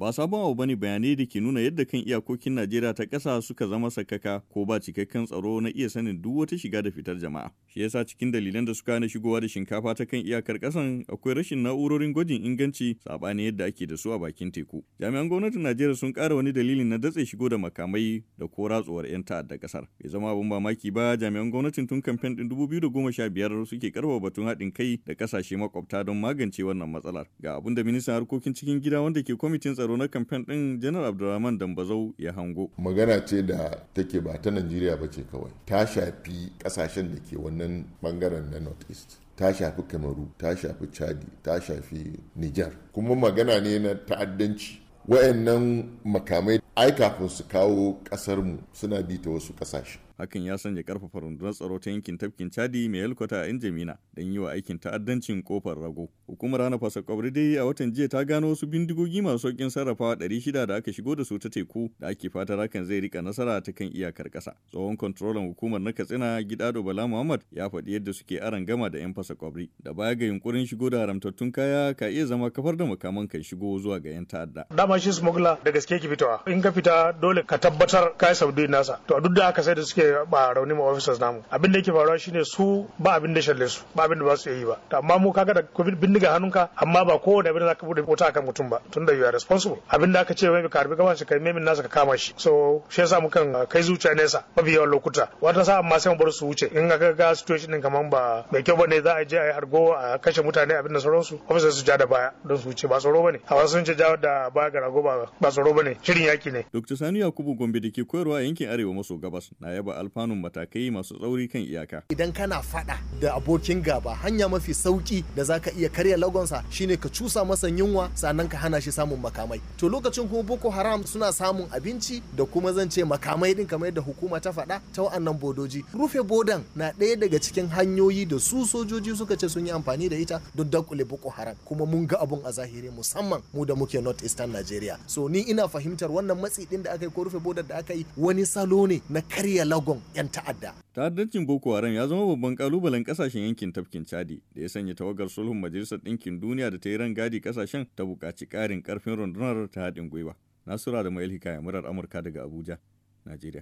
Ba sabon abu bane bayanai da ke nuna yadda kan iyakokin Najeriya ta ƙasa suka zama sakaka ko ba cikakken tsaro na iya sanin duk wata shiga da fitar jama'a. Shi yasa cikin dalilan da suka hana shigowa da shinkafa ta kan iyakar ƙasan akwai rashin na'urorin gwajin inganci saɓani yadda ake da su a bakin teku. Jami'an gwamnatin Najeriya sun kara wani dalili na datse shigo da makamai da ko ratsuwar 'yan ta'adda ƙasar. Bai zama abin mamaki ba jami'an gwamnatin tun kamfen ɗin 2015 suke karfafa batun haɗin kai da kasashe makwabta don magance wannan matsalar. Ga abin da ministan harkokin cikin gida wanda ke kwamitin tsaro na kamfen ɗin janar abdulrahman dambazau ya hango magana ce da take ba ta najeriya ba ce kawai ta shafi ƙasashen da ke wannan bangaren na north east ta shafi kamaru ta shafi chadi ta shafi niger kuma magana ne na ta'addanci wayannan makamai ai kafin su kawo ƙasarmu suna bi ta wasu ƙasashe hakan ya sanya karfafa rundunar tsaro ta yankin tafkin chadi mai yalkwata a yan jamina don yi wa aikin ta'addancin kofar rago hukumar hana fasa kwabri dai a watan jiya ta gano wasu bindigogi masu saukin sarrafawa ɗari shida da aka shigo da su ta teku da ake fata hakan zai rika nasara ta kan iyakar ƙasa tsohon kontrolan hukumar na katsina gidado bala muhammad ya faɗi yadda suke aran gama da yan fasa kwabri da baya ga yunkurin shigo da haramtattun kaya ka iya zama kafar da makaman kai shigo zuwa ga yan ta'adda dama shi smuggler da gaske ki fitowa in ka fita dole ka tabbatar yi saudi nasa to duk da haka sai da suke ba rauni ma officers namu abin da yake faruwa shine su ba abin da shalle su ba abin da ba su yi ba to amma mu kaga da bindiga hannunka amma ba kowane abin da zaka bude wuta akan mutum ba tunda you are responsible abin da aka ce mai karbi gaban shi kai memin nasa ka kama shi so shi yasa mukan uh, kai zuciya sa mafi yawan lokuta wata sa amma sai mu bar su wuce in ka ga situation din kaman ba mai kyau bane za a je a yi argo a kashe mutane abin da sauransu officers su ja da baya don su wuce ba tsoro bane a wasu sun ce ja da baya ga rago ba tsoro bane shirin yaki ne dr sani yakubu gombe da ke koyarwa yankin arewa maso gabas na yaba alfanun matakai masu tsauri kan iyaka. Idan kana fada da abokin gaba hanya mafi sauki da zaka iya karya lagonsa shine ka cusa masa yunwa sannan ka hana shi samun makamai. To lokacin kuma Boko Haram suna samun abinci da kuma zan ce makamai din kamar yadda hukuma ta faɗa ta wa'annan bodoji. Rufe bodan na ɗaya daga cikin hanyoyi da su sojoji suka ce sun yi amfani da ita don dakule Boko Haram kuma mun ga abun a zahiri musamman mu da muke North Eastern Nigeria. So ni ina fahimtar wannan matsi din da aka yi ko rufe bodar da aka yi wani salo ne na karya lagos. gungun 'yan ta'adda. Ta'addancin Boko Haram ya zama babban kalubalen kasashen yankin tafkin Chadi da ya sanya tawagar sulhun Majalisar Ɗinkin Duniya da ta yi rangadi kasashen ta buƙaci ƙarin ƙarfin rundunar ta haɗin gwiwa. Nasura da mayel Hikaya murar Amurka daga Abuja, Najeriya.